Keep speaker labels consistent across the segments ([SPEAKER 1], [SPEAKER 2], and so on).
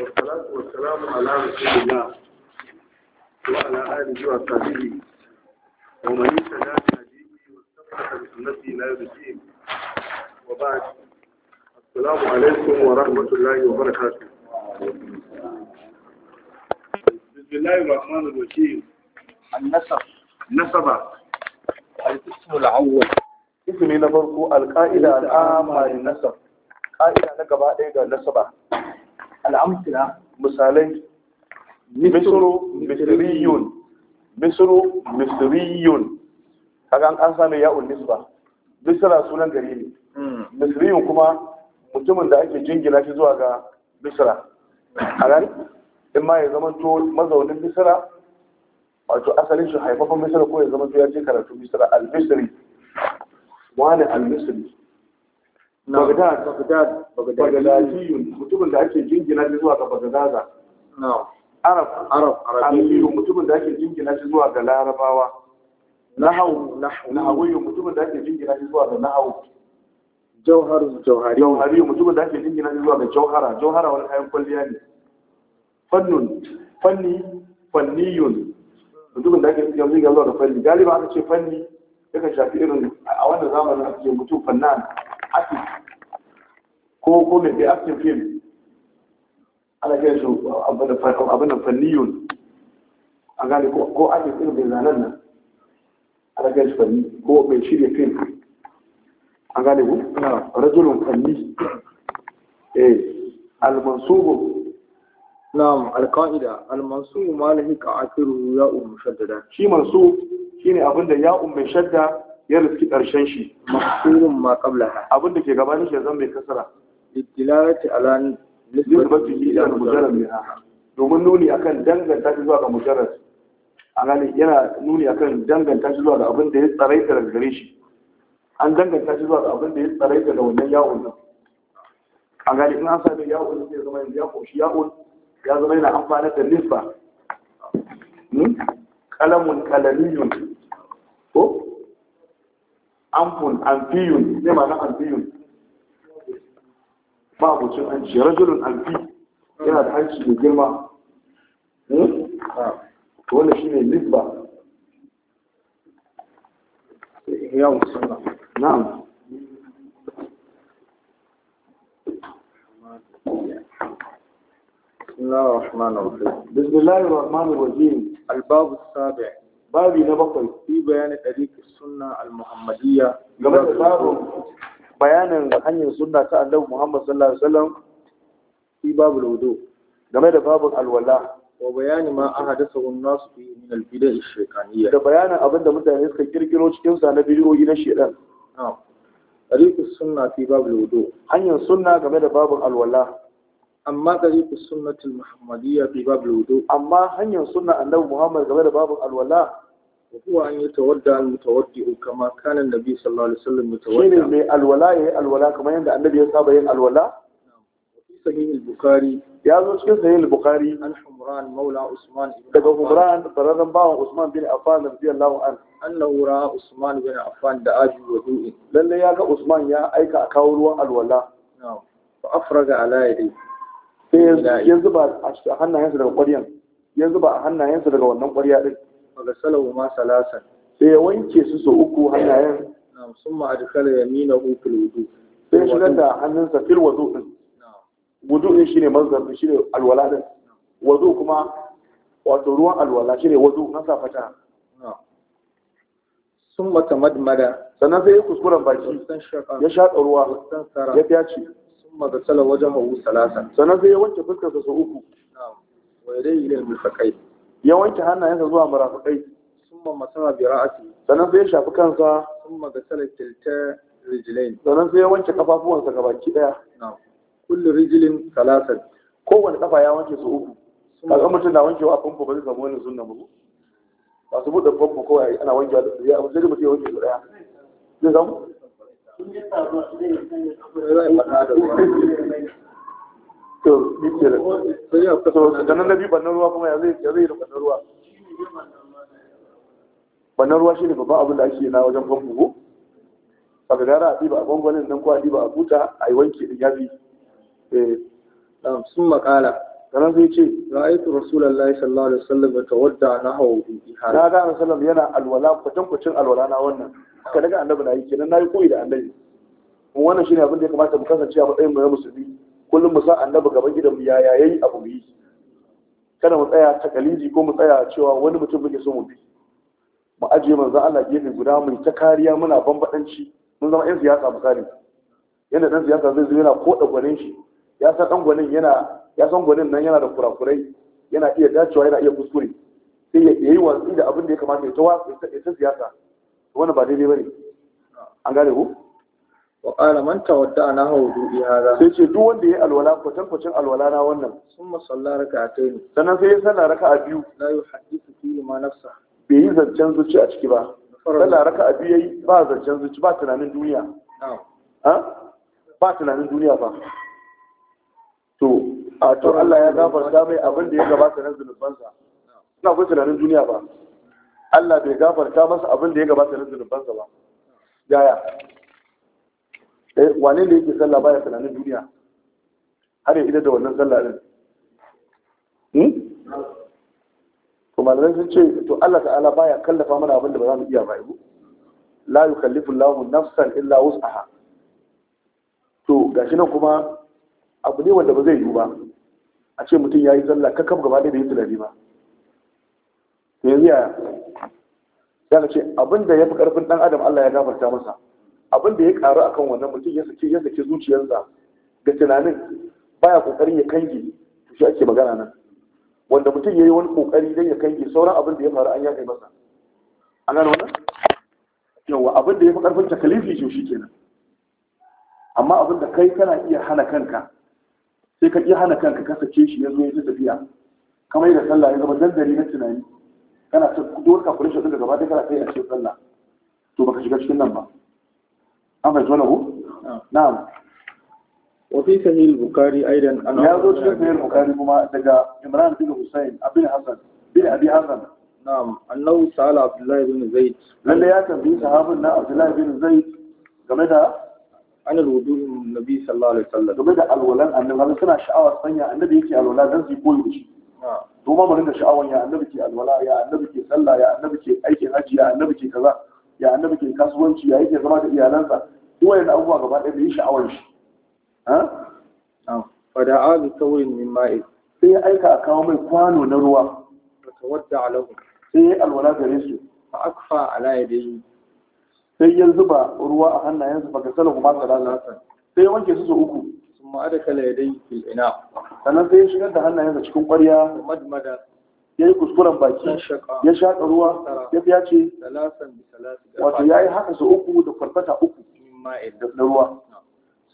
[SPEAKER 1] والصلاة والسلام على رسول الله وعلى آله وصحبه ومن اهتدى بهديه واستمسك بسنته إلى يوم الدين وبعد السلام عليكم ورحمة الله وبركاته بسم الله الرحمن الرحيم النسب نسبة الاسم الأول اسمي نبرك القائلة العامة للنسب قائلة لك النسبة. نسبة al’amtina misalai misro misiriyun misro misiriyun kaga an sami ya'ul nisba misra sunan gari ne hmm. misiriyun kuma mutumin da ake jingina shi zuwa ga misira, a gani in ma ya zama to mazaunin misira, wato asalin shi haifafan misira ko ya zama to ya ce karatu misira, al-misri wani al-misri Bagdad Bagdadiyun mutumin da ake jingina shi zuwa ga Bagdadaza Arab Arab Arabiyun mutumin da ake jingina shi zuwa ga Larabawa Nahawu Nahawiyun mutumin da ake jingina shi zuwa ga Nahawu Jauhar Jauhari Jauhari mutumin da ake jingina shi zuwa ga Jauhara Jauhara wani kayan kwalliya ne Fannun Fanni Fanniyun mutumin da ake jingina zuwa ga Fanni galiba aka ce Fanni yakan shafi irin a wannan zamanin ake mutum fannan ake ko me da ake fiye Ala kai su uh, abin da fanniyon a gane ko ake fiye da zanen nan Ala kai su fanni ko mai shirya fiye a gane ku na rajulun fanni eh al na'am alka'ida almansubu malahi ka akiru ya umu shaddada shi mansu shine abin da ya umu shaddada ya riski ƙarshen shi mahsurun ma qablaha abin da ke gabanin shi zan bai kasara littilati ala nisbati ila mujarrad ha domin nuni akan danganta shi zuwa ga mujarrad a gani yana nuni akan danganta shi zuwa ga abin da ya tsaraita daga gare shi an danganta shi zuwa ga abin da ya tsaraita da wannan yawon nan a gani in an sami yawon zai zama yanzu ya shi yawon ya zama yana amfana da nisba hmm? kalamun kalamiyun أنف أنفي لما لا أنفي ما أبوش أنشي رجل أنفي إلى تحنشي بجلمة ولا شيء نسبة يا وصلنا نعم بسم الله الرحمن الرحيم بسم الله الرحمن الرحيم الباب السابع babi na bakwai fi bayanin ɗariƙi suna al-muhammadiyya game da babu bayanin hanyar suna ta annabi muhammad sallallahu alaihi wasallam fi babu lodo game da babun alwala wa bayani ma an hadasa wani nasu fi min albida shekaniya da bayanin abin da mutane suka kirkiro cikin sa na bidiyoyi na shedan ɗariƙi sunna fi babu lodo hanyar suna game da babun alwala amma suna sunnatul muhammadiyya fi babu lodo amma hanyar suna annabi muhammad game da babun alwala huwa an yi tawadda al mutawaddi kama kana nabi sallallahu alaihi wasallam mutawadda shine mai alwala yayi alwala kamar yadda annabi ya saba yin alwala ya zo cikin sahih al-bukhari an humran maula usman daga humran bararran bawan usman bin affan radiyallahu an annahu ra'a usman bin affan da abi lalle ya ga usman ya aika a kawo ruwan alwala fa afraga a hannayensa daga ƙwaryan wannan ƙwarya din magasalahuma salasan sai ya wanke su su uku hannayen na'am summa adkhala yaminahu fil wudu sai ya shigar da hannunsa fil wudu din wudu din shine manzar din shine alwala din wudu kuma wato ruwan alwala shine wudu an sa fata summa tamadmada sannan sai ya kuskuren baki ya shaƙa ruwa ya fyace summa gasala wajen hawu salasan sannan sai ya wanke fuskarsa su uku na'am wa yadayhi lil mufaqai Yan wanke hannayensa zuwa marafiƙai summa masama bi ra'asi sannan sai ya shafi kansa ga gasala kilta rijlain sannan sai ya wanke kafafuwansa baki daya kullum rijilin salasan kowane kafa ya wanke su uku kaga mutum na wankewa a famfo ba zai samu wani sunna ba masu buɗe famfo kawai ana wankewa da ya abu sai mutum ya wanke su daya zai samu to ni ke da ruwa kuma ya zai ya zai bannan ruwa bannan ruwa shine babban abin da ake na wajen famfo ko saka gara a diba a gwangwanin nan ko a diba a buta a yi wanke din yafi eh sun makala sannan zai ce ra'aytu rasulullahi sallallahu alaihi wasallam tawadda nahu bi hada na ga sallam yana alwala kwatankwacin alwala na wannan ka daga annabi na yi kenan na yi koyi da annabi wannan ne abin da ya kamata mu kasance a matsayin mu na musulmi kullum mu sa annabi gaban gidan mu yaya yayi abu mu kada mu tsaya ta takalidi ko mu tsaya cewa wani mutum muke so mu bi mu ajiye manzon Allah gefe guda mu ta kariya muna bambadanci mun zama yan siyasa misali yadda dan siyasa zai zo yana koda gwanin shi ya san dan gwanin yana ya san gwanin nan yana da kurakurai yana iya dacewa yana iya kuskure sai ya yi watsi da abin da ya kamata ya ta siyasa wannan ba daidai bane an gane ku wa qala man tawadda ana hawdu bi hada sai ce duk wanda yayi alwala kwatan kwacin alwala na wannan summa salla rak'atayn sannan sai ya salla raka'a biyu la yuhaddithu fihi ma nafsa bai yi zancen zuci a ciki ba salla raka'a biyu yayi ba zancen zuci ba tunanin duniya ba tunanin duniya ba to a to Allah ya gafarta mai abin da ya gabata na zunubansa ina kuma tunanin duniya ba Allah bai gafarta masa abin da ya gabata na zunubansa ba yaya Eh, wane ne yake sallah baya tunanin duniya har ya da wannan sallah din hmm? to malamai sun ce to Allah ta'ala baya kallafa mana abin da ba za mu iya ba yau la yukallifu Allahu nafsan illa wus'aha to gashi nan kuma abu ne wanda ba zai yiwu ba a ce mutum ya yi ka kakkaf gaba da bai yi tunani ba to yanzu ya ya ce abin da ya fi ƙarfin ɗan adam Allah ya gafarta masa abin da ya karu akan wannan mutum ya sake ya sake zuciyarsa da tunanin baya kokarin ya kange to shi ake magana nan wanda mutum ya yi wani kokari dan ya kange sauran abin da ya faru an ya kai masa an gano wannan yawa abin da ya fi karfin takalifi shi shi kenan amma abin da kai kana iya hana kanka sai ka iya hana kanka ka sace shi ya zo ya tafiya kamar da sallah ya zama dandali na tunani kana ta dole ka kula shi daga gaba da kana kai a cikin sallah to baka shiga cikin nan ba an fahimci wannan ku na'am وفي صحيح البخاري ايضا انا يا دوش في البخاري كما دجا عمران بن حسين ابن حسن game da an nabi sallallahu alaihi wasallam game da alwalan annabi suna sha'awar sanya annabi yake alwala dan su koyi da shi to ma bari da sha'awar ya annabi ke alwala ya annabi ke sallah ya annabi ke aikin haji ya annabi ke kaza ya annabi ke kasuwanci ya yake zama da iyalansa wayan abubuwa gaba ɗaya bai sha'awar shi fada azu saurin min ma'i sai ya aika a kawo mai kwano na ruwa da tawadda alahu sai ya alwala gare su fa akfa ala yadihi sai ya zuba ruwa a su baka sala kuma sa sai ya wanke su uku sun ma da kala yadai fil ina sannan sai ya shigar da hannayensa cikin ƙwarya madmada ya yi kuskuren baki ya shaƙa ruwa ya ce. wato ya yi haka su uku da kwarfata uku ma'in da ruwa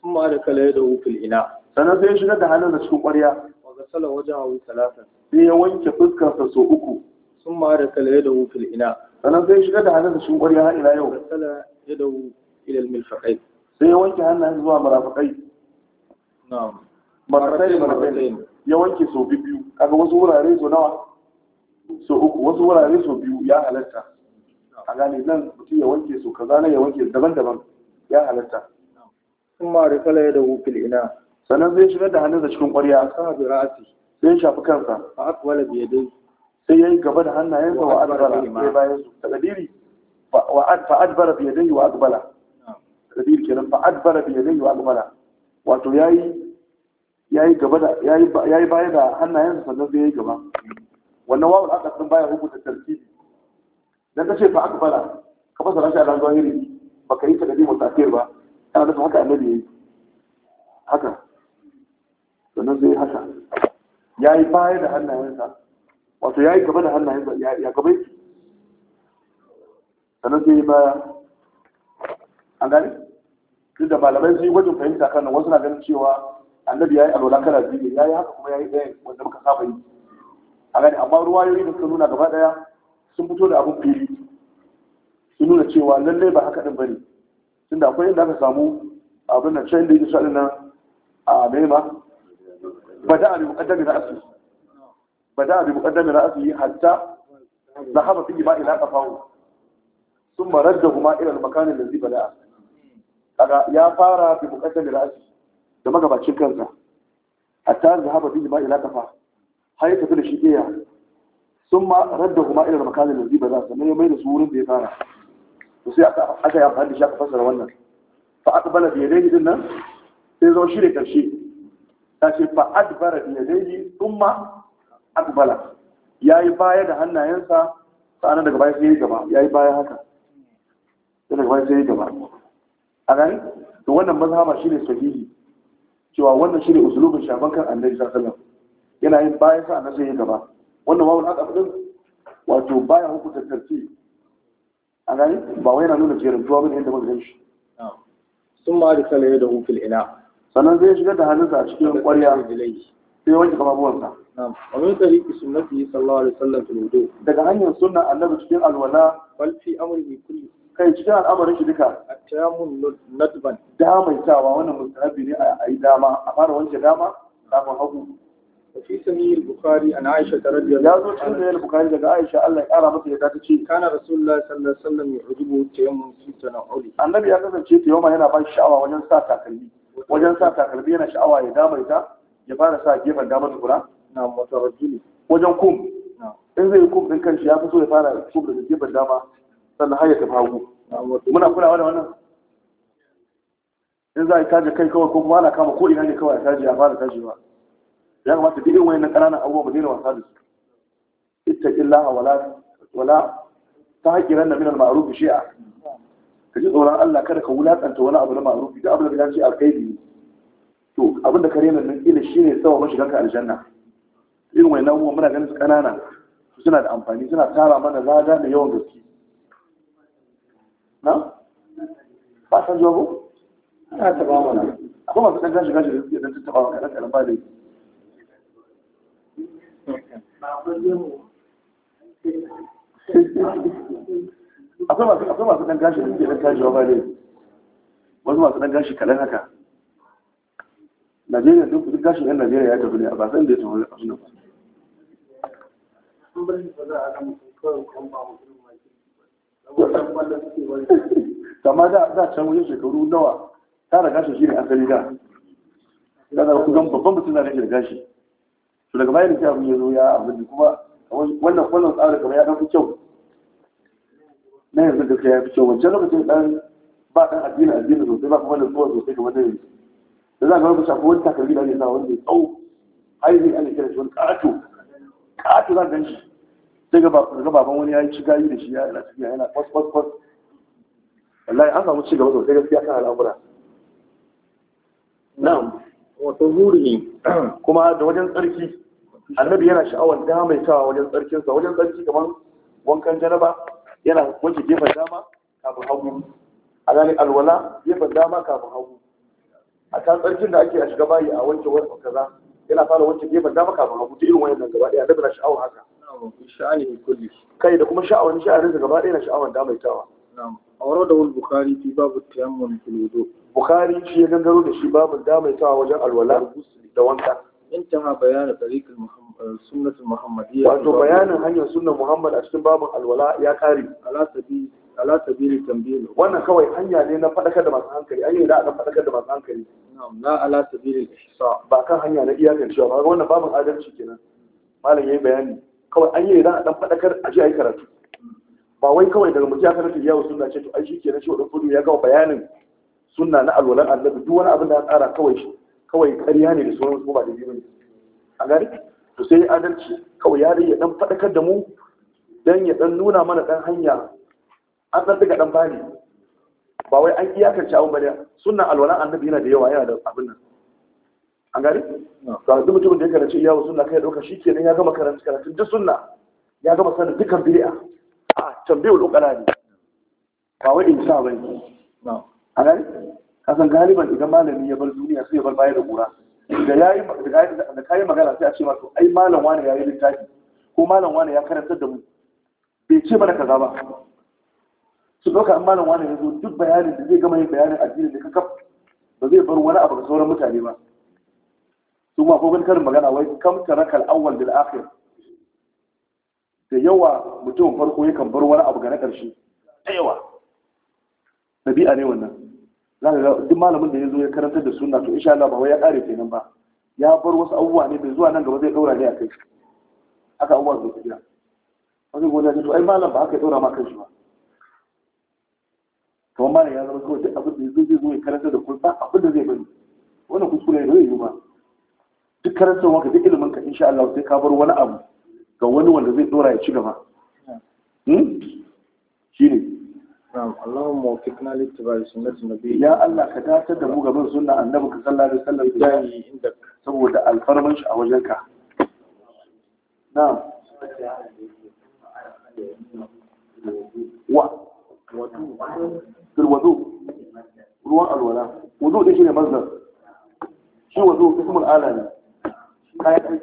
[SPEAKER 1] sun ma da kala da wufil ina sannan sai ya shiga da hannun da cikin ƙwarya wa gasala wajen hawu talatan sai ya wanke fuskarsa sau uku sun ma da kala da wufil ina sannan sai ya shiga da hannun da cikin ƙwarya har ila yau gasala ya da ilal milfaƙai sai ya wanke hannun zuwa marafaƙai na'am marafaƙai marafaƙai ya wanke sau biyu kaga wasu wurare sau nawa sau uku wasu wurare sau biyu ya halatta a gane nan mutum ya wanke sau kaza na ya wanke daban-daban ya halatta sun ma kala ya da wufil ina sannan zai shigar da hannunsa cikin ƙwarya sa bi ra'asi sai shafi kansa a akwala biya dai sai ya yi gaba da hannayensa wa adbala sai bayan su takadiri fa adbara biya dai wa adbala takadiri kenan fa adbara biya dai wa adbala wato ya yi gaba da yayi baya da hannayensa sannan zai ya yi gaba wannan wawul aqas sun baya hukunta tartibi dan ce fa akbala ka fasara shi a zahiri baka yi takaddi musafir ba yana nufin haka annabi ya yi haka sannan zai haka ya yi baya da hannayensa wato ya yi gaba da hannayensa ya gaba yi sannan zai yi baya an gani duk da malamai sun yi gwajin fahimta kan wasu na ganin cewa annabi ya yi alwala kana biyu ya yi haka kuma ya yi ɗaya wanda muka saba yi a gani amma ruwayoyi da suka nuna gaba ɗaya sun fito da abin fili sun nuna cewa lallai ba haka ɗin bane da akwai inda aka samu abin da can da yake shaɗin nan a mai ma ba da abin muƙaddami na asu ba da abin muƙaddami na asu yi hatta na haɓa fi ma ila ƙafawo sun marar da kuma irin makanin da zai bada kaga ya fara bi muƙaddami na asu da magabacin kansa hatta na haɓa fi ma ila ƙafa har ya tafi da shi ɗaya sun marar da kuma irin makanin da zai da'a? sannan ya mai da su wurin da ya fara sai aka yi amfani da shi aka fassara wannan fa aqbala bi yadayhi din nan sai zo shi ne karshe ta ce fa adbara bi yadayhi thumma Ya yi baya da hannayensa sa'an daga baya sai yi gaba Ya yi baya haka sai daga baya sai yi gaba a gani to wannan mazhaba ne sahihi cewa wannan shi ne usulubin shafan kan annabi sallallahu alaihi wasallam yana yin baya sa'an sai yayi gaba wannan wawul aqab din wato baya hukunta tartib a gani ba yana nuna jerin tuwa bane yadda muka gan shi sun ma da salaye da ina sannan zai shigar da hannunsa a cikin ƙwarya sai wanke kafafuwansa a min tariki sunnati sallallahu alaihi wasallam fil wudu daga hanyar sunna annabi cikin alwala bal fi amrihi kai cikin al'amarin shi duka at-tayammum nadban damaitawa wannan mustahabi ne a yi dama a fara wanke dama kafin hagu وفي سمي البخاري عن عائشة رضي الله عنها لازم تقول البخاري لك عائشة الله يقرأ بس يقرأ شيء كان رسول الله صلى الله عليه وسلم يعجبه التيمم في التنعل النبي يقول لك شيء يوم هنا باش شعوة وجن ساعة كلبي وجن ساعة كلبي هنا شعوة يدام يدا يبان ساعة جيفا دام القرآن نعم وترجلي وجن كوم in zai kum din kanshi ya fito ya fara kum daga gefen dama sannan har ya tafi hagu muna kulawa da wannan in za a taje kai kawai ko kuma ana kama ko ina ne kawai a taje a fara tajewa ya kamata duk irin wayannan ƙananan abubuwa ba daina wasa da su ittaqillaha wala wala taqiranna min al-ma'ruf shay'a ka ji tsoron Allah kada ka wulaƙanta wani abu na maarufi, duk abin da ka ce alkhairi to abin da ka rena nan shi ne sawa mashigan ka aljanna irin wani abubuwa muna ganin su ƙanana suna da amfani suna tara mana lada da yawan gaske na ba san jabo ta taba mana akwai masu ɗan gashi gashi da suke dan ta wa kaɗan kaɗan ba da yi akwai masu ɗan gashi da suke gashi ne wasu masu ɗan gashi kaɗan haka najeriya duk duk gashin yan najeriya ya tafi ne a basan da ya tafi a sunan kama da can wajen shekaru nawa da gashin shi ne asali da da da kusan babban mutum na da gashi to daga bayan da abin ya zo ya abin da kuma wannan wannan tsarin kamar ya dan kyau na yanzu gaskiya ya fi kyau wancan lokacin ɗan ba ɗan addini addini sosai ba kuma da zuwa sosai kamar da yanzu da za ka wani shafi wani takalmi da ake sa wanda ya tsawo haihu ana kira shi wani ƙato ƙato za ka gan shi sai ga baban wani ya yi shiga yi da shi yana tafiya yana kwas kwas kwas wallahi an samu ci gaba sosai gaskiya kan al'amura na'am wa ne. kuma da wajen tsarki annabi yana sha'awar damaitawa wajen tsarkinsa wajen tsarki kamar wankan janaba yana wanke gefen dama kafin hagu a ganin alwala gefen dama kafin hagu a kan tsarkin da ake a shiga bayi a wanke wani kaza yana fara wanke gefen dama kafin hagu ta irin wayannan gaba ɗaya annabi na sha'awar haka kai da kuma sha'awar sha'awarinsa gaba ɗaya na sha'awar damaitawa أورده البخاري في باب التيمم في الوضوء بخاري شيء يقدروا لشي باب الدامة wajen alwala da wanka. انتهى بيان طريق السنة المحمدية wato bayanin hanyar سنة Muhammad a cikin babin alwala ya على ala على سبيل sabili وانا wannan kawai hanya ne na fadakar da masu hankali hanya da aka fadakar da masu hankali na'am ala sabili ba kan hanya na iyakar cewa ba wannan babin adalci kenan malam yayi bayani kawai an yi dan fadakar a ji karatu ba wai kawai daga mutum ya karanta yawo sunna ce to ai shi kenan shi wadan ya gawa bayanin sunna na alwalan annabi duk wani abin da ya tsara kawai shi kawai ƙarya ne da sauransu ko ba da biyu ne a gari to sai adalci kawai ya dai ya dan faɗakar da mu dan ya dan nuna mana dan hanya an dan daga dan bani ba wai an iyakance abun bane sunna alwala annabi yana da yawa yana da abin nan an gari to duk mutumin da ya karanci iyawu sunna kai dauka shikenan ya gama karanta karatu duk sunna ya gama sanin dukkan bid'a a tambayul ukala ne ba wai insa bane an gari kasan galiban idan malami ya bar duniya sai ya bar baya da gura da yayi da kayi magana sai a ce masu ai malam wani yi littafi ko malam wani ya karantar da mu bai ce mana kaza ba su ɗauka an malam wani ya zo duk bayanin da zai gama yin bayanin addini da kakaf ba zai bar wani abu ga sauran mutane ba su ma gani karin magana wai kam ta raka awwal da akhir da yawa mutum farko yakan bar wani abu ga na ƙarshe da yawa ɗabi'a ne wannan zaka ga duk malamin da ya zo ya karanta da suna to insha Allah ba wai ya kare kenan ba ya bar wasu abubuwa ne bai zuwa nan gaba zai daura ne a kai haka abubuwa zai tafiya wani gona ne to ai malam ba aka ya daura ma kan shi ba to malam ya zama kawai duk abin da zai zo ya karanta da kuma abin da zai bari wannan kuskure ne zai yi ba duk karanta wanka duk ilimin ka insha Allah sai ka bar wani abu ga wani wanda zai dora ya ci gaba hmm? shine نعم اللهم وفقنا لاتباع سنة النبي يا الله كدا تدا مو قبل سنة النبي صلى الله عليه وسلم جاي عندك سووا الفرمش أو جلكة نعم و الوضوء الوضوء الولاء وضوء ايش اللي مصدر شو وضوء اسم الآلة هاي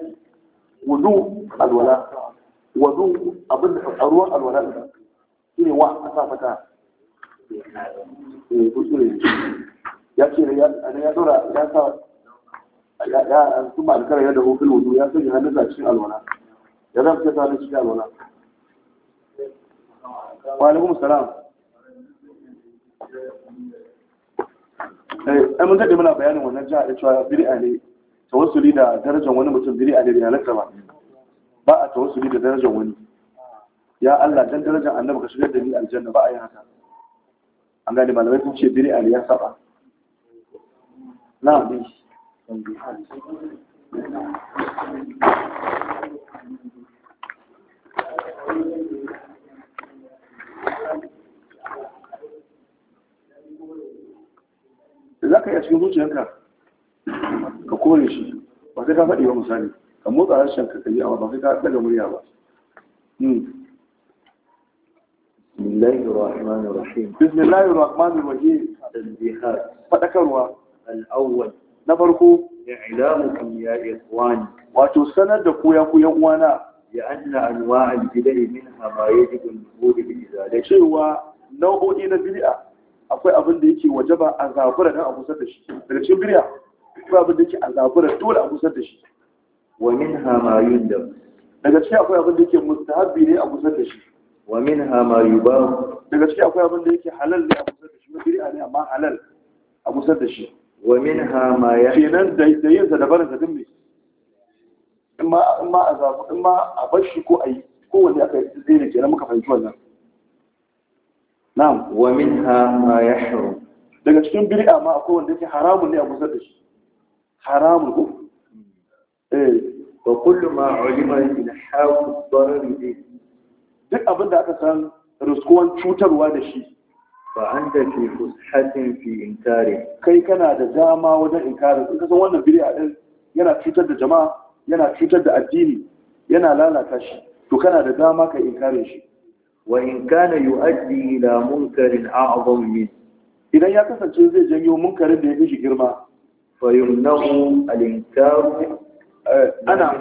[SPEAKER 1] وضوء الولاء وضوء أظن حروة الولاء إني واحد أصافتها eh kuskure ya ce ya dora ya sa ya su ma'alkar ya da hukul wudu ya sanya hannun a cikin alwala ya zama ta hannun cikin alwala wa alaikum salam eh mun daɗe muna bayanin wannan jiha da cewa bid'a ne tawassuli da darajar wani mutum bid'a ne da halatta ba ba a tawassuli da darajar wani ya Allah dan darajar annabi ka shigar da ni aljanna ba a yi haka an gani malamai sun ce biri ali ya saba na bi za ka iya cikin zuciyarka ka kore shi ba sai ka faɗi ba misali ka motsa harshen ka kayi awa ba sai ka ɗaga murya ba hmm. الله الرحمن الرحيم بسم الله الرحمن الرحيم تنبيهات فذكروا الأول نبركو إعلامكم يا إخوان وتسند كويا كويا وانا لأن أنواع البدع منها ما يجب النفوذ بإزالته شوى نوع إلى بدعة akwai abin da yake wajaba a zabura a kusa da shi daga cikin birya akwai abin da yake a zabura dole a kusa da shi wa min hamayun da daga cikin akwai abin da yake mustahabbi ne a kusa da shi wa minha ma yubahu daga ciki akwai abin da yake halal ne a musar da shi mabiri'a ne amma halal a musar da shi wa minha ma ya kenan da yin sa da barin sa in ma a zabu in a bar shi ko a yi kowanne aka yi zai ne kenan muka fahimci wannan na'am wa minha ma yahrum daga cikin biri'a ma akwai wanda yake haramun ne a musar da shi haramun ko hmm. eh wa kullu ma ulima ilhahu darari duk abin da aka san riskuwan cutarwa da shi Ba an da fi fushatin fi inkari kai kana da dama wajen inkari in kasan wannan bid'a din yana cutar da jama'a yana cutar da addini yana lalata shi to kana da dama ka inkare shi wa in kana yu'addi ila munkarin a'zam min idan ya kasance zai janyo munkarin da ya fi shi girma fa yumnahu al-inkar eh, ana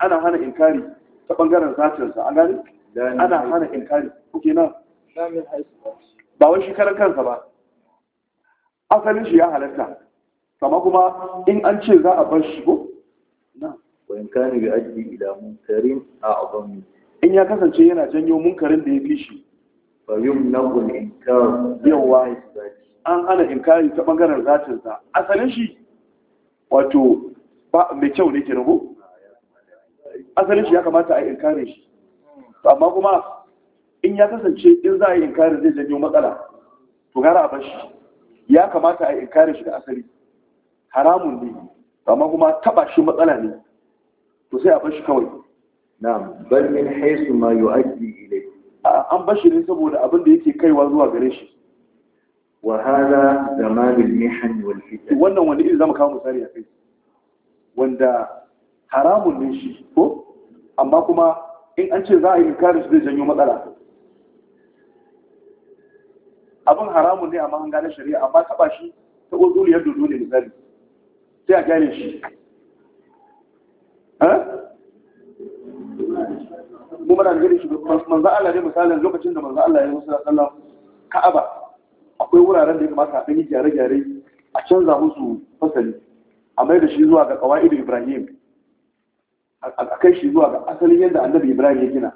[SPEAKER 1] ana hana inkari ta bangaren zatinsa an gani ana hana inkari kuke nan ba wani shekarar kansa ba asalin shi ya halatta Sama kuma in an ce za a bar shi ko in kane bi ajiye ila munkarin a abami in ya kasance yana janyo munkarin da ya fi shi fa yumnaqul inkar yawa an hana inkari ta bangaren zatin sa asalin shi wato ba mai kyau ne ke ko asalin shi ya kamata a inkare shi amma kuma in ya kasance in za a yi inkari zai janyo matsala to gara a bashi ya kamata a yi inkari shi da asali haramun ne amma kuma taba shi matsala ne to sai a bashi kawai Na bar min haisu ma yi yu'addi ilayhi an bashi ne saboda abin da yake kaiwa zuwa gare shi Wahala da zaman al-mihan wal fitan wannan wani iri zama kawo misali a kai wanda haramun ne shi ko amma kuma in an ce za a yi kare shi zai janyo matsala abin haramun ne a mahanga gane shari'a amma taba shi ta ozuliyar dodo ne misali sai a gane shi eh? mu mara gani shi manzo Allah ne misalin lokacin da manzo Allah ya musu da Ka'aba akwai wuraren da ya kamata a yi gyare-gyare a canza musu fasali a mai da shi zuwa ga kawai Ibrahim a kai shi zuwa ga asalin yadda annabi ibrahim ya gina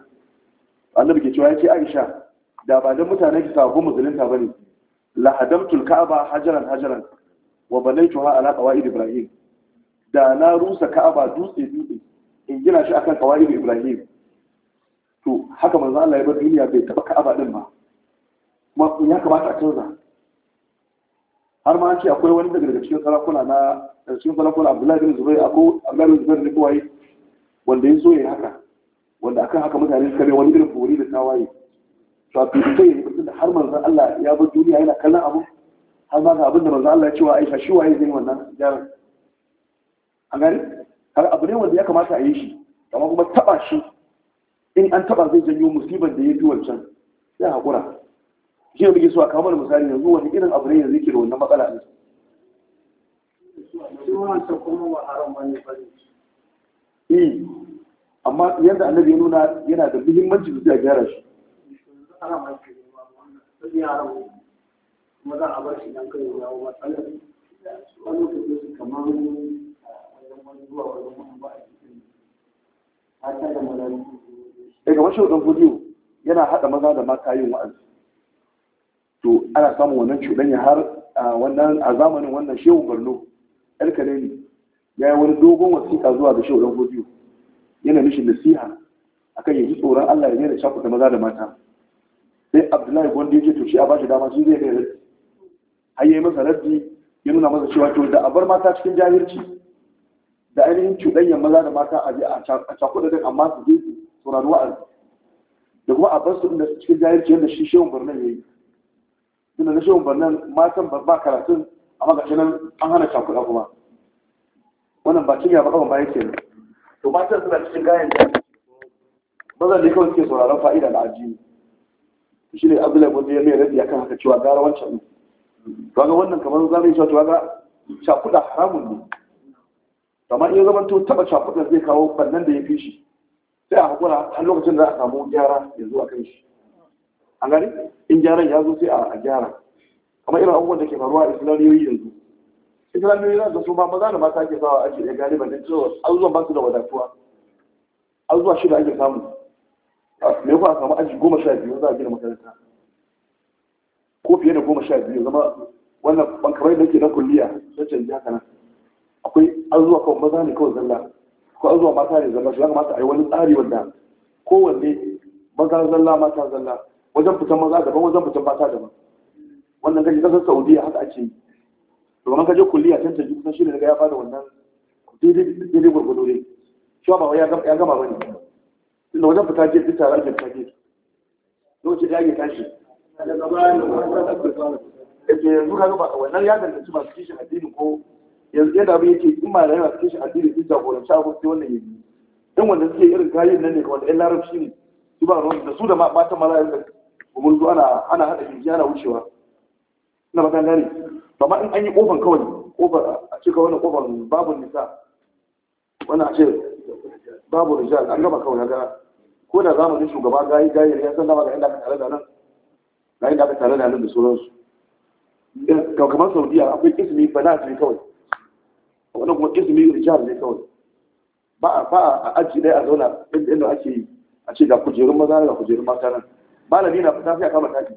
[SPEAKER 1] annabi ke cewa ya ce aisha da ba don mutane ki sabo musulunta ba ne lahadamtul ka'aba hajaran hajaran wa banaytuha ala kawai ibrahim da na rusa ka'aba dutse dutse in gina shi akan kawai ibrahim to haka manzo Allah ya bar duniya bai taba ka'aba din ba kuma ya kamata a canza har ma an ce akwai wani daga cikin sarakuna na cikin sarakuna Abdullahi bin Zubair akwai Abdullahi bin Zubair ne kawai wanda ya zo ya haka wanda akan haka mutane suka bai wani irin fori da tawaye to a da sai mutum da har manzan Allah ya bar duniya yana kallon abu har ma ga abin da manzan Allah ya cewa Aisha shi waye zai wannan jaran A gani har abu ne wanda ya kamata a yi shi amma kuma taba shi in an taba zai janyo musibar da ya fi wancan sai hakura shi ne muke so a kawo mana misali yanzu wani irin abu ne yanzu yake da wannan matsala ne. wannan wa haram eh amma yadda annabi ya nuna yana da muhimmanci da zai gyara shi kuma za ya eh, daga wasu wajen gudu yana haɗa maza da mata yin wa'azi to ana samun wannan cuɗanya har ah, a zamanin wannan shehu barno yar kare ne ya yi wani dogon wasiƙa zuwa ga shehu dan yana mishi nasiha akan ya ji tsoron Allah ya daina cakuta maza da mata sai Abdullahi Gondo ya ce to shi a bashi dama shi zai kai raddi har yi masa raddi ya nuna masa cewa to da a bar mata cikin jahilci da ainihin cuɗanyan maza da mata a a cakuta din amma su je su saurari wa'azi da kuma a bar su inda cikin jahilci yadda shi shehun Barnan ya yi tunda na shehun Barnan matan ba karatun amma ga nan an hana cakuta kuma wannan ba kimiyya ba kawai yake ne to matan suna cikin gayan da bazan ne kawai suke sauraron fa'ida da addini shi ne abdullahi wanda ya mai rabi akan haka cewa gara wancan to ga wannan kamar za mu yi cewa ga cakuda haramun ne amma in zama to taba cakudan zai kawo bannan da ya fi shi sai a hakura har lokacin da za a samu gyara ya zo a kan shi an gani in gyaran ya zo sai a gyara kamar irin abubuwan da ke faruwa a islamiyoyi yanzu islamiyoyi za ka su ma maza da mata ke sawa aji ɗaya galiban din cewa azuwan ba su da wadatuwa azuwa shida ake samu me a samu aji goma sha biyu za a gina makaranta ko fiye da goma sha biyu zama wannan bankarai da ke na kulliya na canji haka nan akwai azuwa kawai maza ne kawai zalla ko azuwa mata ne zalla shi ya kamata a yi wani tsari wanda kowanne maza zalla mata zalla wajen fitan maza daban wajen fitan mata daban wannan gani kasar saudiya haka ake yi to kamar kaje kulliya can ta kusan shi ne daga ya fara wannan daidai gwargwado dai shi ba ya gama ba ne tunda wajen fita je duk tare ake fita je lokacin da ya ke tashi yake yanzu kaga ba wannan ya danganci masu kishin addini ko yanzu yadda abin yake in ma rayuwa masu kishin addini sun jagoranci abin sai wannan yayi in wanda suke irin kayan nan ne wanda ɗan larabci ne su ba ruwan da su da matan maza yanzu umurzu ana ana hada jinji ana wucewa ina bakan kan ma in an yi kofan kawai kofar a cika wani kofar babu nisa wani a ce babu rijal an gaba kawai gara, ko da zamani shugaba gayi gayi ya san dama ga inda aka tare da nan ga inda aka tare da nan da sauransu eh, kamar saudiya akwai ismi bana ne kawai wani kuma ismi rijal ne kawai ba a fa a aji dai a zauna inda ake yi a ce ga kujerun maza ga kujerun mata nan malami na fita sai a kama taki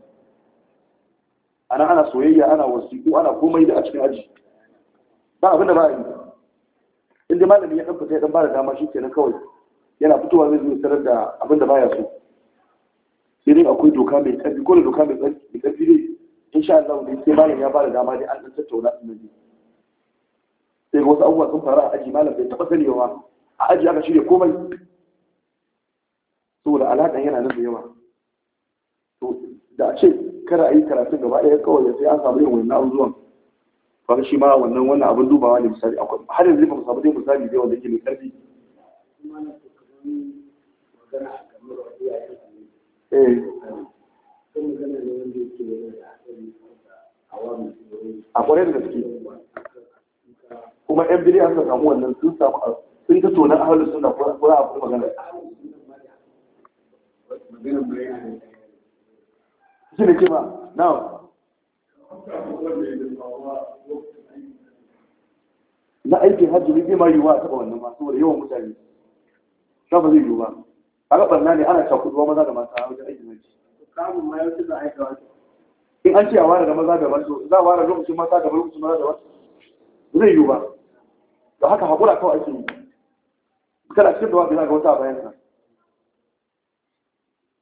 [SPEAKER 1] ana ana soyayya ana wasiku, ana komai da a cikin aji ba abin da ba a yi inda malami ya ɗanfata ya ɗan ba da dama shi kenan kawai yana fitowa zai zai sanar da abin da baya so sai dai akwai doka mai ƙarfi ko da doka mai ƙarfi dai sha Allah ne sai malam ya ba da dama dai an ɗan tattauna ɗin nan sai wasu abubuwa sun faru a aji malam bai taɓa sani ba a aji aka shirya komai saboda alaƙa yana nan da yawa to da a ce kada a yi karatu gaba ɗaya kawai sai an samu yin wannan zuwan ba shi ma wannan wannan abin dubawa ne misali akwai har yanzu ba mu samu dai misali dai wanda yake mai karfi eh. a kwarai da gaske kuma yan biliya suka samu wannan sun samu sun ta tonan ahalin suna kuma a kuma magana shi ne kima na na aikin hajji ne ma yiwuwa taɓa wannan ma saboda yawan mutane ta ba zai yiwu ba a gabar na ne ana cakuduwa maza da mata wajen aikin hajji kamun ma yau za a aika wata in an ce a ware da maza da wasu za a ware lokacin mata da lokacin maza da wasu zai yiwu ba da haka haƙura kawai ake yi kana cikin da wa ga wata bayan nan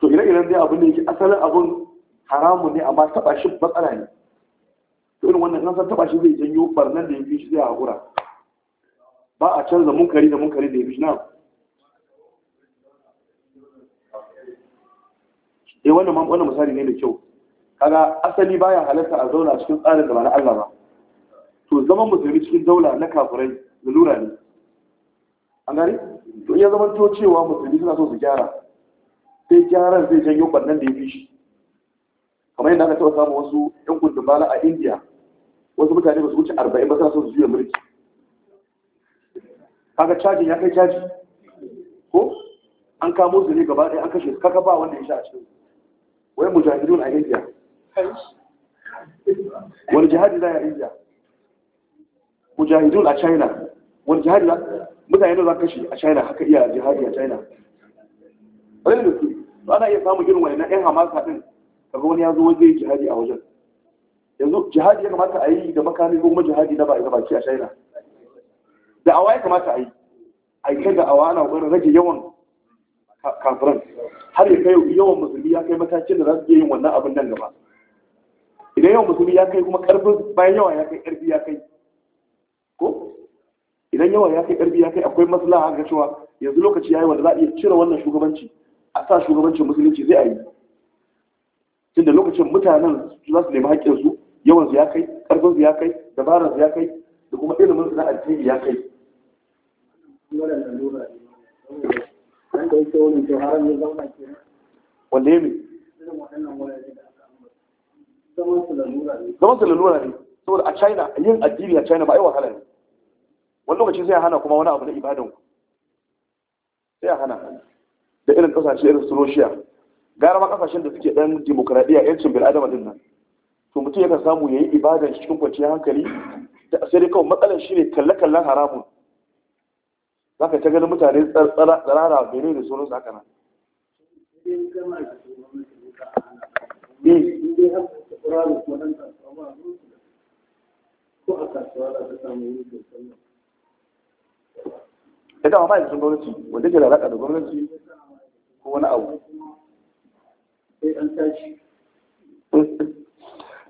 [SPEAKER 1] to ire-iren dai abin da yake asalin abin haramu ne amma taba shi matsala ne to irin wannan nan san taba shi zai janyo barnan da yafi shi zai hakura ba a canza munkari da munkari da yafi shi na eh wannan wannan misali ne da kyau kaga asali baya halatta a zauna cikin tsarin da ba na Allah ba to zaman musulmi cikin daula na kafirai lura ne an gari to iya zaman to cewa musulmi suna so su gyara sai gyaran zai janyo ɓannan da ya fi shi kamar yadda aka taɓa samun wasu yan gundumala a indiya wasu mutane ba su wuce arba'in ba suna son su juya mulki kaga cajin ya kai caji ko an kamo su ne gaba ɗaya an kashe su kaka ba wanda ya sha a cikin wai mujahidun a indiya wani jihadi na a indiya mujahidun a china wani jihadi na mutane za kashe a china haka iya jihadi a china wani da su ba na iya samun irin wani na ɗan hamasa din kaga wani ya zo waje yi jihadi a wajen yanzu jihadi ya kamata a yi da makami ko kuma jihadi na ba'a baki a shaina da awa ya kamata a yi a yi kan da awa ana wani rage yawan kafiran har ya kai yawan musulmi ya kai matakin da za su iya yin wannan abin nan gaba idan yawan musulmi ya kai kuma karfin bayan yawa ya kai karfi ya kai ko idan yawa ya kai karfi ya kai akwai maslaha ga cewa yanzu lokaci ya yi wanda za a iya cire wannan shugabanci a sa shugabancin musulunci zai a yi da lokacin mutanen za su nemi haƙƙinsu yawansu ya kai su ya kai su ya kai da kuma ilimin na addini ya kai wanda ya mai zaman su lalura ne saboda a china yin addini a china ba yi wahala ne wani lokaci sai a hana kuma wani abu na ibadan sai a hana da irin kasashe irin su Russia gara ma kasashen da suke dan demokradiya yancin bil'adama din nan to mutum yakan samu yayi ibada cikin kwanciyar hankali da sai dai kawai matsalar shine kalle kallen haramun zaka ta ganin mutane tsarara bene da sauransu haka nan Ita eh. eh, ma ma'aikacin gwamnati wanda ke da alaƙa da gwamnati ko wani abu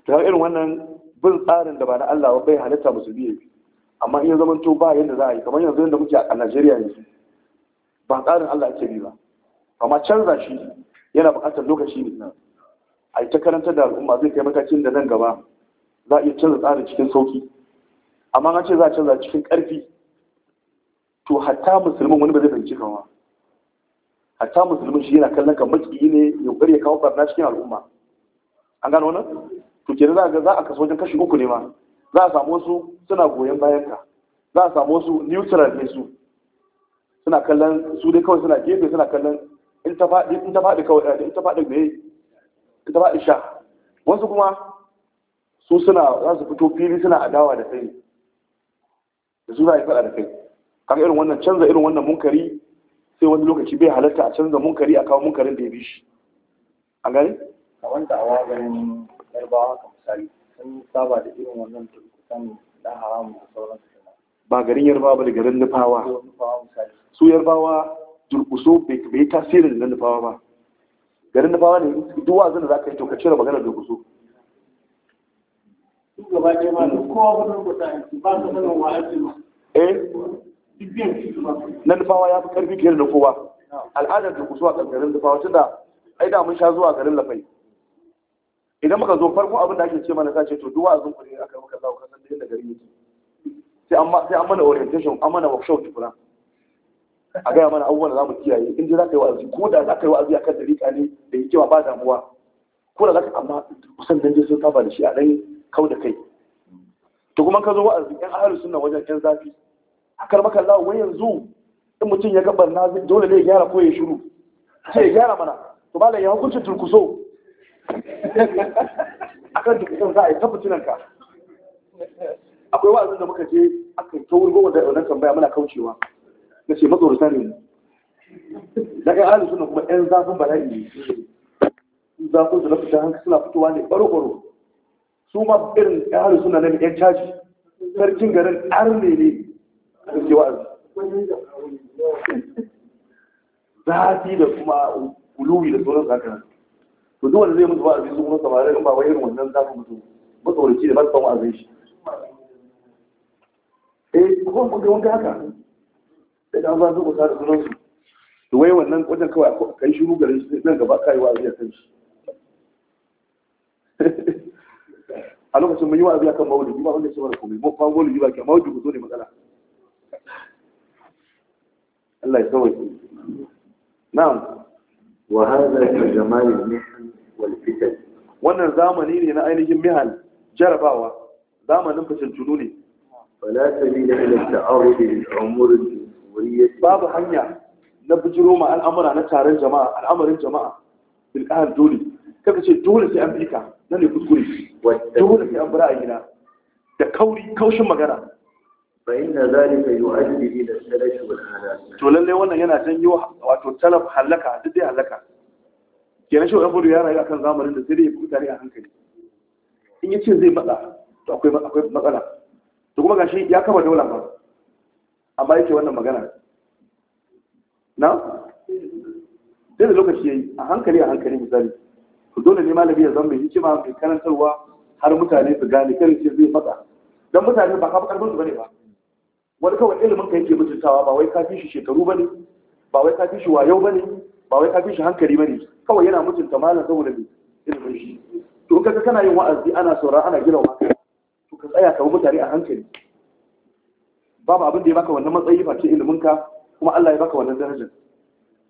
[SPEAKER 1] irin wannan bin tsarin da ba na Allah bai halitta musu biye. amma in zaman to ba yadda za a yi kamar yanzu yadda muke a Najeriya yanzu ba tsarin Allah ake bi ba amma canza shi yana buƙatar lokaci ne a yi ta karantar da al'umma zai kai matakin da nan gaba za a iya canza tsarin cikin sauki amma na ce za a canza cikin ƙarfi to hatta musulmin wani ba zai fahimci kama hatta musulmin shi yana kallon kan maki ne yaukar ya kawo barna cikin al'umma an gano wannan to kenan za a za a kaso wajen kashi uku ne ma za a samu wasu suna goyon bayan ka za a samu wasu neutral ne su suna kallon su dai kawai suna gefe suna kallon in ta faɗi in ta faɗi kawai eh, in ta faɗi me in ta faɗi sha wasu kuma su suna za su fito fili suna adawa da kai da su za a yi faɗa da kai kaga irin wannan canza irin wannan munkari sai wani lokaci bai halatta a canza munkari a kawo munkarin da ya bishi a gani a wanda a wajen yarbawa ka misali sun saba da irin wannan turkutan da haramu da sauransu ba garin yarbawa ba da garin nufawa su yarbawa turkuso bai tasirin na nufawa ba garin nufawa ne duk wazin da za ka yi to ka cire maganar durkuso eh na nufawa ya fi karfi fiye da kowa al'adar da kusuwa a nufawa tun da ai da mun sha zuwa garin lafai idan muka zo farko abin da ake ce mana sace to duwa azun kuri aka muka zawo kasan da yadda gari yake sai amma sai an mana orientation an mana workshop tukuna a gaya mana abubuwan da zamu kiyaye in ji za ka yi wa'azi ko da za ka yi wa'azi akan dariƙa ne da yake ba damuwa ko da za ka amma kusan dan je sun saba da shi a ɗan kau da kai to kuma ka zo wa'azi ƴan ahalu suna wajen ƴan zafi akar maka Allah wai yanzu in mutum ya ga barna dole ne ya gyara ko ya shiru sai ya gyara mana to malam ya hukunci turkuso akan turkuson za a yi tabbacin ka akwai wa'azin da muka je aka yi ta wanda wannan tambaya muna kaucewa na ce matsorata ne mu na ga ahalin suna kuma yan zafin bala'i ne zafin su na fita hankali suna fitowa ne baro-baro su ma irin ahalin suna na yan caji sarkin garin arne ne ke wa'azi zafi da kuma uluwi da sauran zakana to duk wanda zai mutu wa'azi sun kuma samarai in ba wai irin wannan zafin mutu matsoraci da ba su wa'azin shi eh kuma kuma ga wanda haka sai da an ba su kusa da sunan su to wai wannan wajen kawai kai shiru garin shi nan gaba kai wa'azi a kan shi a lokacin mun yi wa'azi a akan mawdu'i ba wanda ya ce mana komai mu fa ba ke mawdu'i ku zo ne matsala الله يسوي نعم وهذا كجمال المحن والفتن wannan zamani ne na ainihin mihal jarabawa zamanin fashintunu ne babu hanya na bijiro ma al'amura na taron jama'a al'amarin jama'a bil ahl dole kaka ce dole sai an fika nan kuskure a gida da kauri kaushin magana فإن ذلك يؤدي إلى التلف والهلاك to lalle wannan yana janyo wato talaf halaka duk dai halaka kenan shi wannan ya rayu a kan zamanin da sai dai ya fita a hankali in ce zai matsa to akwai matsala to kuma gashi ya kama daula ba amma yake wannan magana na sai da lokaci yayi a hankali a hankali misali to dole ne malami ya zama mai kima mai karantarwa har mutane su gane karin ce zai matsa don mutane ba kafa karfin su bane ba wani kawai ilimin ka yake mutuntawa ba wai ka fi shi shekaru bane ba wai ka fi shi wayo bane ba wai ka fi shi hankali bane kawai yana mutunta malam saboda me ilimin shi to kaga kana yin wa'azi ana saura ana gina wa? to ka tsaya ka mutane a hankali babu abin da ya baka wannan matsayi face ilimin ka kuma Allah ya baka wannan darajar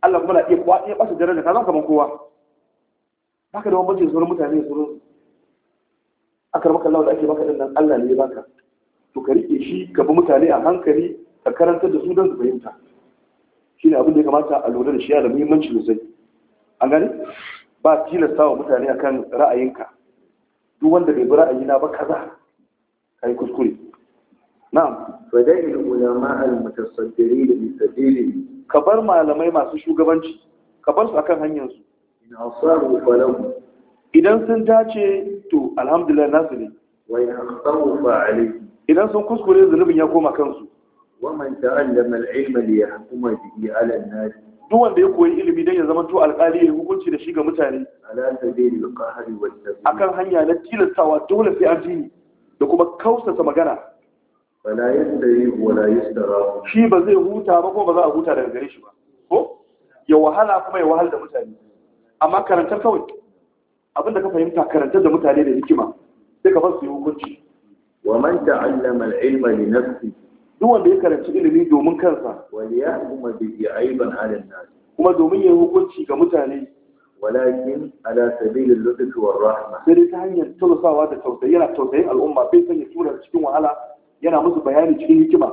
[SPEAKER 1] Allah kuma na iya kwa iya bata darajar ka zama kamar kowa baka da wani bambanci sauran mutane da sauransu akar maka Allah da ake baka din nan Allah ne ya baka to ka rike shi ka bi mutane a hankali ka karantar da su don su fahimta shi ne abin da ya kamata a lura da shi yana da muhimmanci sosai an gani ba tilasta wa mutane a kan ra'ayinka duk wanda bai bi ra'ayina ba kaza yi kuskure na'am fadai ulama al mutasaddirin da sabilihi ka bar malamai masu shugabanci ka bar su akan hanyar su in asaru falahu idan sun dace to alhamdulillah nasu ne wa in akhtaru fa alayhi idan sun kuskure zunubin ya koma kansu waman ta'allama al-ilma li yahkuma bihi 'ala an-nas duk wanda ya koyi ilimi dan ya zama to alƙali ya hukunci da shi ga mutane ala sabili al-qahri wal akan hanya na tilastawa dole sai an ji da kuma kausata magana wala yadri wala yastara shi ba zai huta ba ko ba za a huta daga gare shi ba ko ya wahala kuma ya wahal da mutane amma karantar kawai abinda ka fahimta karantar da mutane da hikima sai ka bar su yi hukunci wa man ta'allama al-ilma li nafsi duk wanda ya karanci ilimi domin kansa wa liyahkuma bihi aiban 'ala an-nas kuma domin ya hukunci ga mutane walakin ala sabili al-lutfi wa rahma sai ta hanyar tausawa da tausayi yana tausayin al'umma bai sanya tura cikin wahala yana musu bayani cikin hikima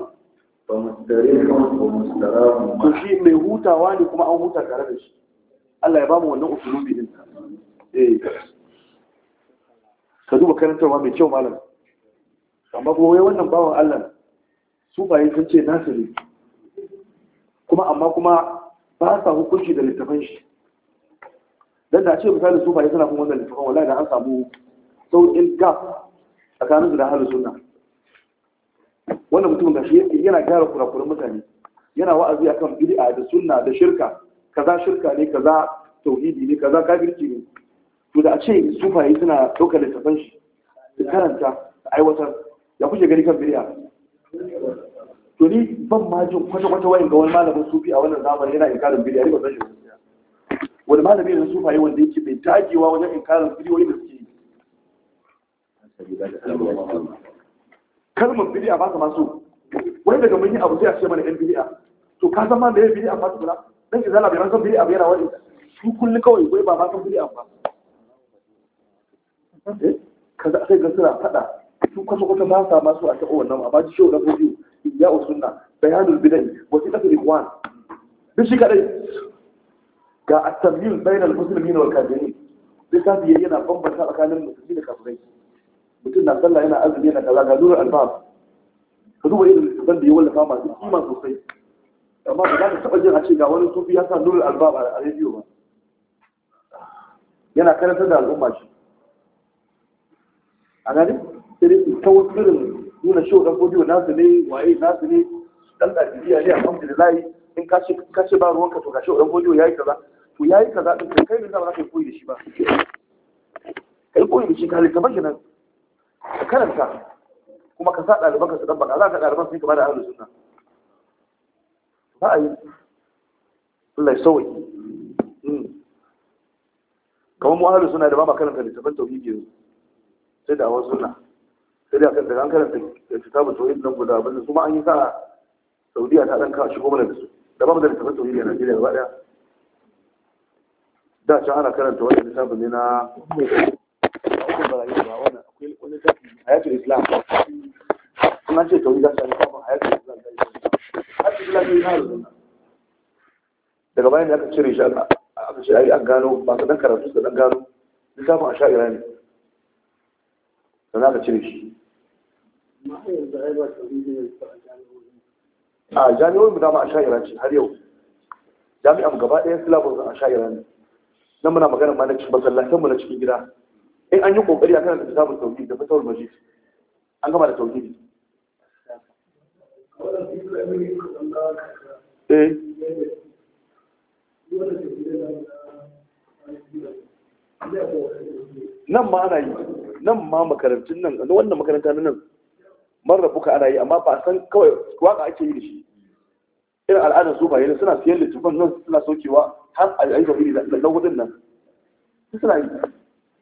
[SPEAKER 1] fa mustarihun wa mustarahun to shi mai hutawa ne kuma an huta tare da shi Allah ya ba mu wannan usulubi din eh. ka duba karantarwa mai kyau malam amma kuma wai wannan bawan Allah su baye sun ce nasu ne kuma amma kuma ba sa hukunci da littafan shi dan da ce misali su baye suna kuma wannan littafan wallahi da an samu sauƙin ga tsakanin da ahlus sunna wannan mutum da shi yana gyara kurakuran mutane yana wa'azi akan bid'a da sunna da shirka kaza shirka ne kaza tauhidi ne kaza kafirci ne to da a ce sufaye suna ɗaukar littafan shi da karanta da aiwatar ya kuke gari kan bid'a to ni ban ma jin kwata kwata wayin ga wani malamin sufi a wannan zamanin yana inkarin bid'a ne ba san shi wani malami ne sufa yi wanda yake bai dagewa wajen inkarin bidiyoyi da suke kalmar bid'a ba ta masu wani daga mun yi abu sai a ce mana yan bid'a to ka san ma da yan bid'a ba su kula dan ki zala bai ran san bid'a ba yana wani su kullu kawai wai ba ma san bid'a ba eh? kaza sai ga faɗa. su kwata kwata ba sa masu a taɓa wannan amma ji shehu na fodiyo ya o sunna bayanul bidai wasu ƙasar ikwan duk shi kaɗai ga bayan tamyiz bainal muslimin wal duk ta yayi yana bambanta tsakanin musulmi da kafirai mutum na sallah yana azumi yana kaza ga nurul albab ka duba irin zan da ya wallafa masu kima sosai amma ba za ka taɓa jin a ce ga wani sufi ya sa nurul albab a rediyo ba yana karanta da al'umma shi a gani sai ta wasu irin nuna shi ɗan godiyo nasu ne waye nasu ne ɗan ɗabi'a ne alhamdulillah in ka ce ba ruwanka to ka ce ɗan godiyo ya yi kaza to ya yi kaza ɗin kai ne za ka yi koyi da shi ba ka yi koyi da shi ka halitta ba nan ka karanta kuma ka sa ɗaliban ka su ɗan baka za ka ɗaliban su yi kama da ahlus sunna ba a yi Allah ya sauwa hmm. kamar mu ahlus sunna da ba ma karanta littafin tauhidi sai da awon sunna sai da kan da an karanta kitabu tauhid nan guda abin su ma an yi sa saudiya ta dan kawo shigo mana da su da ba mu da littafin tauhidi a najeriya gaba daya da can ana karanta wani littafi ne na ba wani hayatul islam an ce tauhid da shi littafin hayatul islam hayatul islam ne na daga bayan da aka cire shi aka ce ai an gano ba ka dan karatu ka dan gano Lissafin a sha'ira ne sannan aka cire shi a jami'o'in mu dama a sha'ira ce har yau jami'an gaba ɗaya silabar a sha'ira ne nan muna magana ma na cikin masallatan mu na cikin gida in an yi kokari a kan da kitabun tauhid da fasawar majid an gama da sauki eh nan ma ana yi nan ma makarantun nan wannan makaranta na nan man rabuka ana yi amma ba san kawai waka ake yi da shi irin al'adar su bayan suna siyan littafin nan suna sokewa har a yi gabiri da lagudin nan suna yi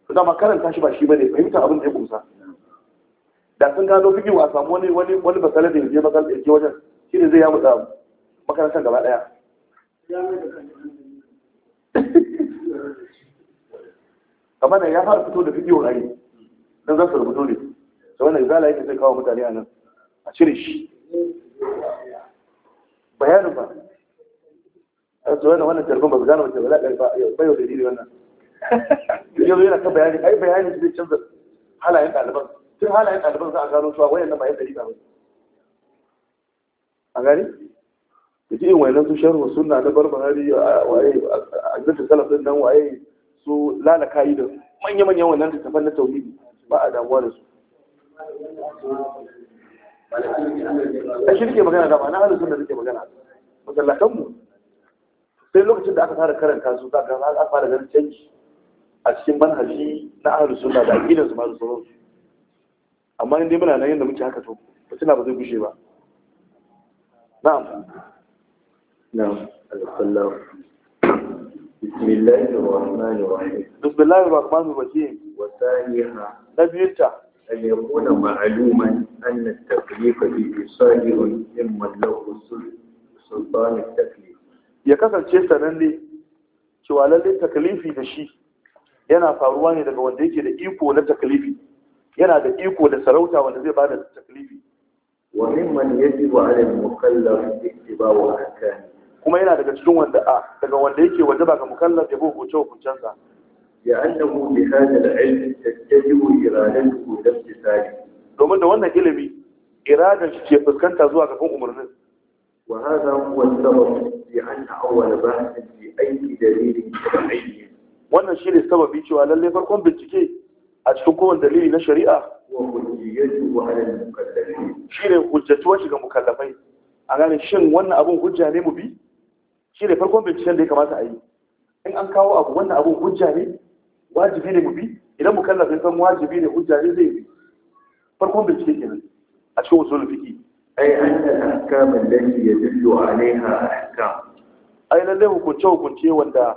[SPEAKER 1] suna ma karanta shi ba shi bane fahimtar abin da ya kusa da sun gano fikin a samu wani wani wani basalar da ya basalar da ke wajen shi ne zai ya mutsa makarantar gaba daya kamar da ya fara fito da fikin a yi don za su rubuto ne da wani izala yake zai kawo mutane a nan a cire shi bayanin ba a su wani wani jargon ba su gane wacce ba za a ba yau da riri wannan yau yana kan bayani ai bayani zai canza halayen ɗaliban tun halayen ɗaliban za a gano cewa wayan nan ba yan dalila ba a gani da ji wayan su shan sunna na barbahari waye azzata salaf din nan waye su lalaka yi da manya-manyan wannan littafan na tauhidi ba a damuwa da su a shirke magana da ma'ana halittun da suke magana masallatanmu sai lokacin da aka fara karanta su za a fara ganin canji a cikin manhaji na ahalu suna da aƙidar su ma da amma in dai muna nan yadda muke haka to suna ba zai gushe ba na'am na'am alƙallahu بسم الله الرحمن الرحيم بسم الله الرحمن Na أن يكون معلوما أن التكليف به صادر ممن له سلطان التكليف ya kasance sananne cewa lallai takalifi da shi yana faruwa ne daga wanda yake da iko na takalifi yana da iko da sarauta wanda zai bada takalifi wa mimman yajibu ala al-mukallaf ittiba'u ahkam kuma yana daga cikin wanda a daga wanda yake wajaba ga mukallaf ya bi hukunce hukuncensa لأنه بهذا العلم تتجه إرادته لامتثاله domin da wannan ilimi iradar shi ke fuskanta zuwa kafin umarnin wa hadha huwa sabab bi anna awwal bahth fi ayi dalil shar'i wannan ne sababi cewa lalle farkon bincike a cikin kowanne dalili na shari'a wa hujjatu ala al-mukallafin shine hujjatuwa shi ga mukallafai a gane shin wannan abun hujja ne mu bi farkon binciken da ya kamata a yi in an kawo abu wannan hujja ne wajibi ne mu bi idan mu kallafin san wajibi ne hujja ne zai bi farkon bincike kenan a cikin usul fiqi ai an ahkam allati yadullu alaiha ahkam ai lalle hukunce hukunce wanda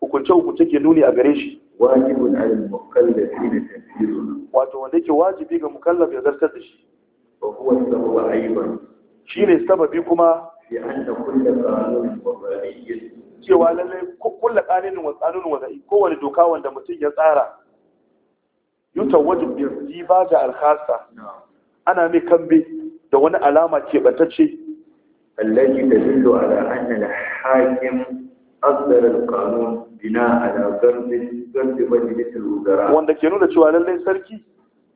[SPEAKER 1] hukunce hukunce ke nuni a gare shi wajibun ala mukallafi da tafsiru wato wanda yake wajibi ga mukallaf ya zartar da shi wa huwa ba. aiban ne sababi kuma ya anna kullu qanun wa bariyyin cewa lallai kulla kanunin wa ƙanunin wa za'i kowane doka wanda mutum ya tsara yuta wajen birni ba da alkhasa, ana mai kambe da wani alama ce keɓantacce allaji da zillo ala annal hakim asdar alqanun bina ala gardi gardi majlis alwuzara wanda ke nuna cewa lallai sarki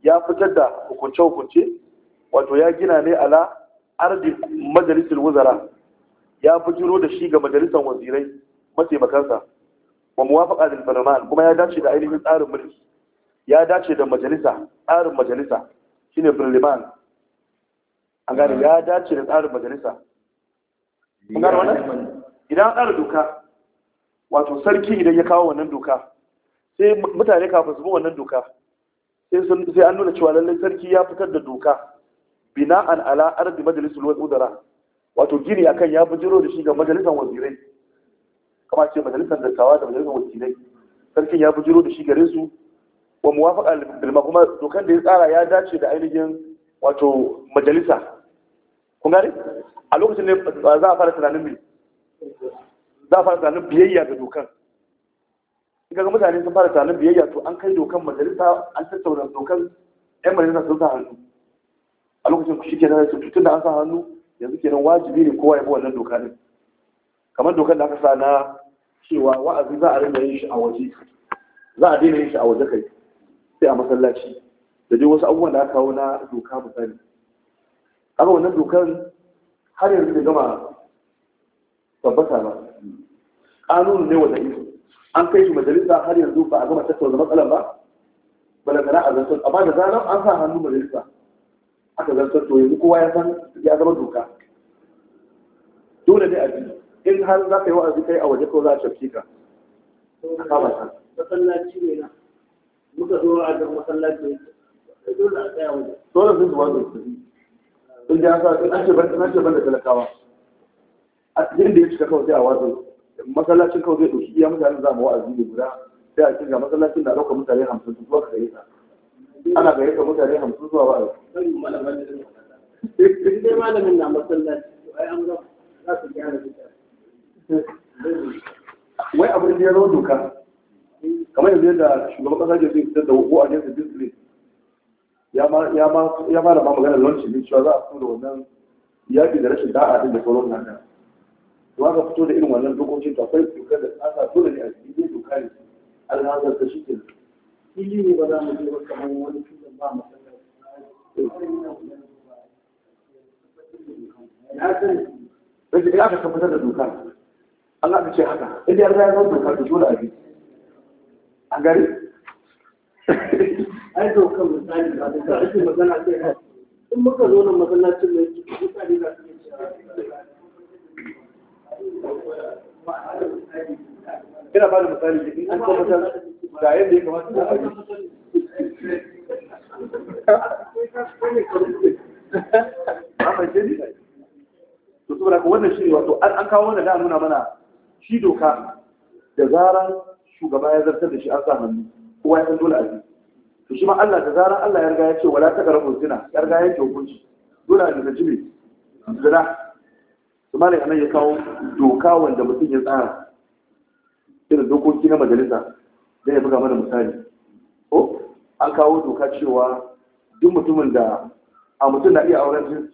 [SPEAKER 1] ya fitar da hukunce hukunce wato ya gina ne ala ardi majlis alwuzara ya jiro da shi ga majalisar wazirai mataimakansa wa muwafaqa lil barman kuma ya dace da ainihin tsarin mulki ya dace da majalisa tsarin majalisa shine barman a gane ya dace da tsarin majalisa kun gane wannan idan tsara doka wato sarki idan ya kawo wannan doka sai mutane kafin su bi wannan doka sai an nuna cewa lallai sarki ya fitar da doka Bina bina'an ala majalisar majalisul wazudara wato gini akan ya bujiro da shi ga majalisar wazirai kama ce majalisar dattawa da majalisar wazirai sarkin ya bujiro da shi gare su wa muwafaqa bilma kuma dokan da ya tsara ya dace da ainihin wato majalisa kun gane a lokacin ne za a fara tunanin mai za a fara tunanin biyayya ga dokan in ga mutane sun fara tunanin biyayya to an kai dokan majalisa an tattauna dokan yan majalisa sun sa hannu a lokacin shi ke nan sun tutun da an sa hannu yanzu kenan wajibi ne kowa ya bi wannan doka din kamar dokar da aka sa na cewa wa'azi za a rinda yin shi a waje za a daina yin shi a waje kai sai a masallaci da dai wasu abubuwan da aka kawo na doka misali aka wannan dokar har yanzu bai gama tabbata ba ƙanun ne wanda iso an kai shi majalisa har yanzu ba a gama tattauna matsalar ba balantana a zartar amma da zanen an sa hannu majalisa aka zartar to yanzu kowa ya san ya zama doka dole ne a bi in har za ka yi wa'azi kai a waje ko za a cafke ka a kama ta masallaci ne na muka zo a ga masallaci ne dole a tsaya waje dole sun zuwa da su sun ja sa sun ce ban an ce ban da talakawa a cikin da ya cika kawai sai a wazo masallacin kawai zai ɗauki iya mutanen za mu wa'azi ne guda sai a kinga masallacin na ɗaukar mutane hamsin su zuwa ka gaisa ana ga yadda mutane hamsin zuwa ba a malamin na masallaci ai an ga za su gyara wai abin da ya zama doka kamar yanzu yadda shugaban kasa ke fitar da hukuku a jinsu disney ya ma da ma magana launci ne cewa za a fito da wannan yaƙi da rashin da'a din da sauran nan da aka fito da irin wannan dokokin to akwai dokar da dole ne a cikin doka ne alhazar ta shi Ilimi ba za mu ba kamar wani tunan ba masallaci. Na sani. ya aka tabbatar da doka. Allah ka ce haka. Inda ya zai zama doka da dole a bi. A gari? Ai dokan misali ba da ake magana sai ka. In muka zo nan masallacin mai mutane za su yi cewa. da ina ba da misali in an tabbatar da yadda ya kamata da abin to saboda ko wannan ne wato an kawo wannan da nuna mana shi doka da zaran shugaba ya zartar da shi an sa hannu kowa ya san dole a bi to shi ma Allah da zaran Allah ya riga ya ce wala ta garabu zina ya riga ya ce hukunci dole a daga jibi zina to malai anan ya kawo doka wanda mutum ya tsara irin dokoki na majalisa zai ya buga mana misali ko an kawo doka cewa duk mutumin da a mutum na iya auren jins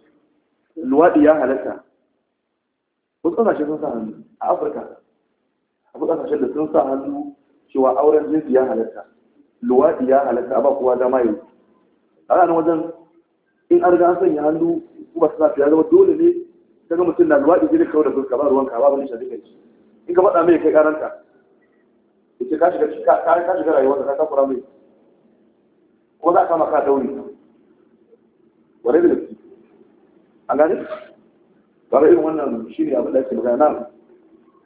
[SPEAKER 1] luwaɗi ya halatta ko ƙasashe sun sa hannu a afirka ko ƙasashen da sun sa hannu cewa auren jinsi ya halatta luwaɗi ya halatta a ba kowa dama yau a ranar wajen in an riga an sanya hannu kuma su ya zama dole ne daga mutum na luwaɗi zai kawo da fuska ba ruwanka ba ba nishan rikanci in ka faɗa mai kai karanta yace ka shiga ka ka shiga rayuwar ka takura mai ko za ka maka dauri ware da gaske an gane Ba irin wannan shi ne abin da ake magana na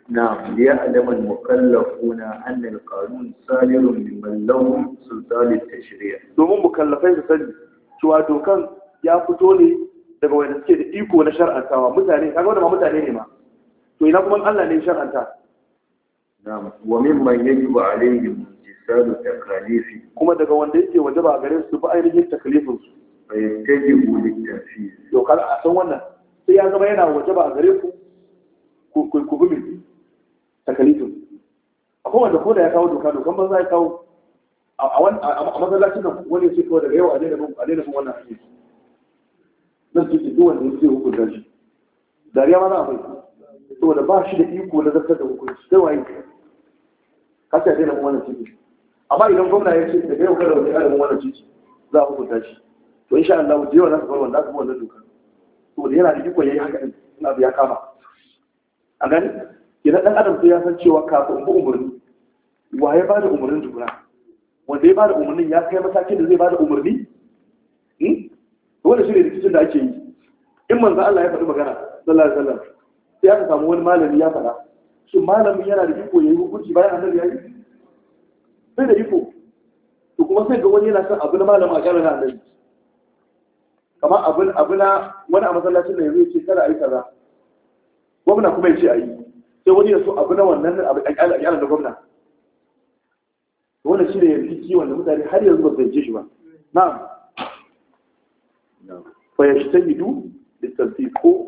[SPEAKER 1] نعم ليعلم المكلفون أن القانون صادر ممن لهم سلطان Domin دوم مكلفين سن شو كان ya fito ne daga wanda suke da iko na shar'antawa mutane kaga wanda ma mutane ne ma to ina kuma Allah ne shar'anta na'am wa mimman yajibu alaihim imtisalu takalifi kuma daga wanda yake wajaba a gare su ba ainihin takalifin su fayattajibu littafi to kar a san wannan sai ya zama yana wajaba a gare ku ku ku bi takalifin akwai wanda ko da ya kawo doka dokan ba za ya kawo a masallacin nan wani ya ce kawai daga yau a daina sun wannan hanyar zan ce duk wanda ya ce hukunta shi dariya ma za a bai saboda ba shi da iko na zartar da hukunci sai waye ka kace daina mun wannan titi
[SPEAKER 2] amma idan gwamna ya ce daga yau kada wani ƙarin
[SPEAKER 1] wannan titi za a hukunta shi to insha Allah da yawa za bar wannan za su wannan doka da yana da iko yayi haka din ina biya kama a gani idan dan adam sai ya san cewa kafin bu umarni wa ya bada umarnin dubura wanda ya bada umarnin ya kai matakin da zai bada umarni wannan hmm? shi ne rikicin da ake yi in manzo Allah ya faɗi magana sallallahu alaihi wasallam sai aka samu wani malami ya faɗa shin malamin yana da iko ya yi hukunci bayan annabi ya yi sai da iko to kuma sai ga wani yana son abu na malamin a ƙarar annabi kamar abin abu wani a masallacin da yanzu ya ce kada a yi kaza gwamna kuma ya ce a yi sai wani ya so abu na wannan abu a ƙarar da gwamna wannan shi ne yanzu kiwon da mutane har yanzu ba zai je shi ba na'am fa da litasdiq ko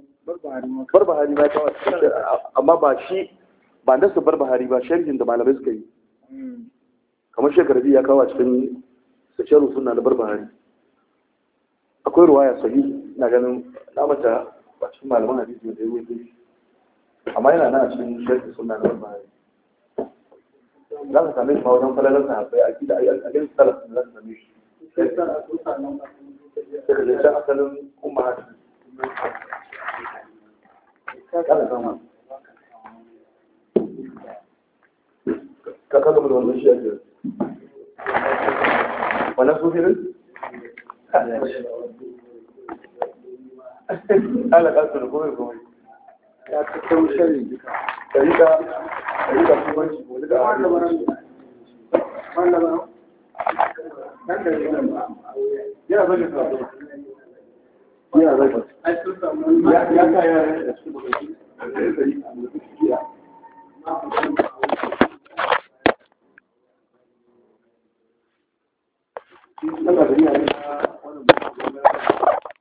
[SPEAKER 1] barbahari ma kawo amma ba shi ba nasu barbahari ba sharhin da malamai suka yi hmm. kamar shekarabi ya kawo a cikin sashen suna da barbahari akwai ruwaya sahi na ganin namata ba cikin malaman hadisi da ya wuce amma yana na cikin sharhi suna da barbahari za ka same shi ma wajen falalar sa haifai a gida a gida salaf da za ka same shi daga zancen asalin umma hadisi ka ka gama shi ala kasu ta ya zai ya ka yara da su Thank you.